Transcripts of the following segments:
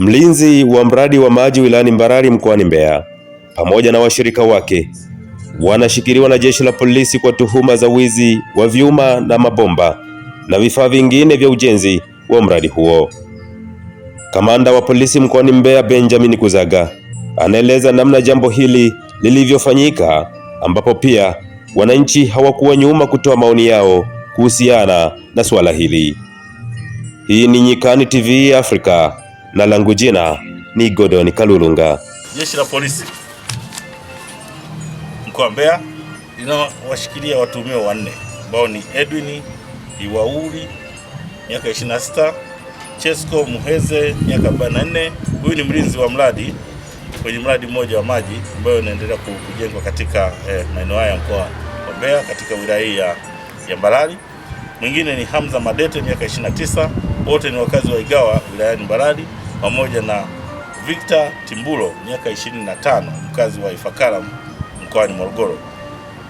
Mlinzi wa mradi wa maji wilayani Mbarali mkoani Mbeya pamoja na washirika wake wanashikiliwa na jeshi la polisi kwa tuhuma za wizi wa vyuma na mabomba na vifaa vingine vya ujenzi wa mradi huo. Kamanda wa polisi mkoani Mbeya Benjamin Kuzaga anaeleza namna jambo hili lilivyofanyika, ambapo pia wananchi hawakuwa nyuma kutoa maoni yao kuhusiana na suala hili. Hii ni Nyikani TV Afrika na langu jina ni Godon Kalulunga. Jeshi la polisi mkoa wa Mbeya linawashikilia watuhumiwa wanne ambao ni Edwin Iwauli miaka 26, Chesco Muheze miaka 44. Huyu ni mlinzi wa mradi kwenye mradi mmoja wa maji ambayo unaendelea kujengwa katika eh, maeneo haya ya mkoa wa Mbeya katika wilaya hii ya Mbarali. Mwingine ni Hamza Madete miaka 29, wote ni wakazi wa Igawa wilayani Mbarali pamoja na Victor Timbulo miaka 25 mkazi wa Ifakara mkoani Morogoro.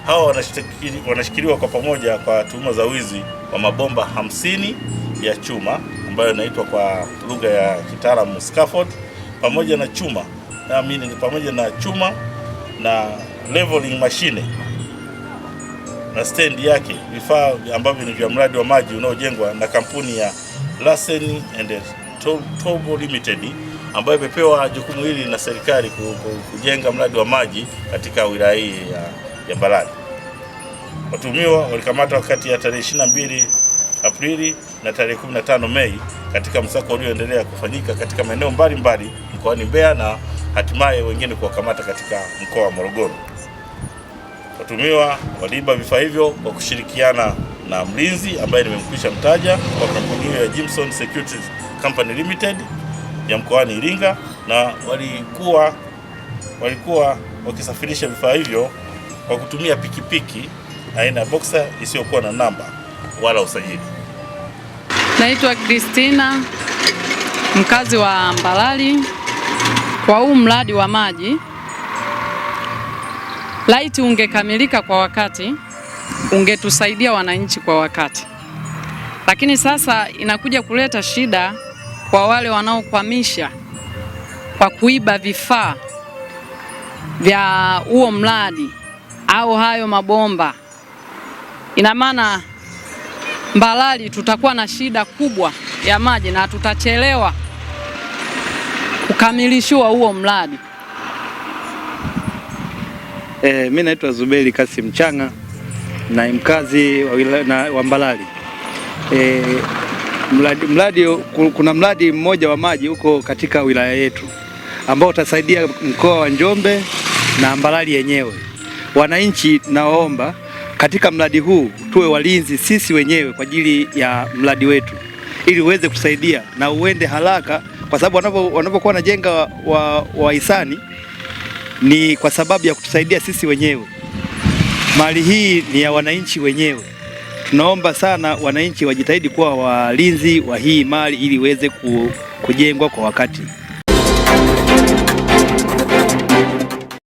Hawa wanashikiliwa kwa pamoja kwa tuhuma za wizi wa mabomba hamsini ya chuma ambayo inaitwa kwa lugha ya kitaalamu scaffold, pamoja na chuma naamini ni pamoja na chuma na leveling mashine na stendi yake, vifaa ambavyo ni vya mradi wa maji unaojengwa na kampuni ya Lassen and Tobo Limited ambayo imepewa jukumu hili na serikali kujenga mradi wa maji katika wilaya hii ya, ya Mbarali. Watuhumiwa walikamatwa kati ya tarehe 22 Aprili na tarehe 15 Mei katika msako ulioendelea kufanyika katika maeneo mbalimbali mkoani Mbeya na hatimaye wengine kuwakamata katika mkoa wa Morogoro. Watuhumiwa waliiba vifaa hivyo kwa kushirikiana na mlinzi ambaye nimemkwisha mtaja kwa kampuni hiyo ya Jimson Securities Company Limited ya mkoani Iringa, na walikuwa walikuwa wakisafirisha vifaa hivyo kwa kutumia pikipiki aina ya boxer isiyokuwa na namba wala usajili. Naitwa Christina mkazi wa Mbalali. Kwa huu mradi wa maji laiti ungekamilika kwa wakati ungetusaidia wananchi kwa wakati, lakini sasa inakuja kuleta shida kwa wale wanaokwamisha kwa kuiba vifaa vya huo mradi au hayo mabomba, ina maana Mbalali tutakuwa na shida kubwa ya maji na tutachelewa kukamilishiwa huo mradi. Eh, mi naitwa Zuberi Kasim Changa na mkazi wa, wa Mbalali eh, mradi, mradi kuna mradi mmoja wa maji huko katika wilaya yetu ambao utasaidia mkoa wa Njombe na Mbarali yenyewe. Wananchi, nawaomba katika mradi huu tuwe walinzi sisi wenyewe kwa ajili ya mradi wetu ili uweze kusaidia na uende haraka, kwa sababu wanapokuwa wanajenga wa wahisani wa ni kwa sababu ya kutusaidia sisi wenyewe. Mali hii ni ya wananchi wenyewe tunaomba sana wananchi wajitahidi kuwa walinzi wa hii mali ili iweze kujengwa kwa wakati.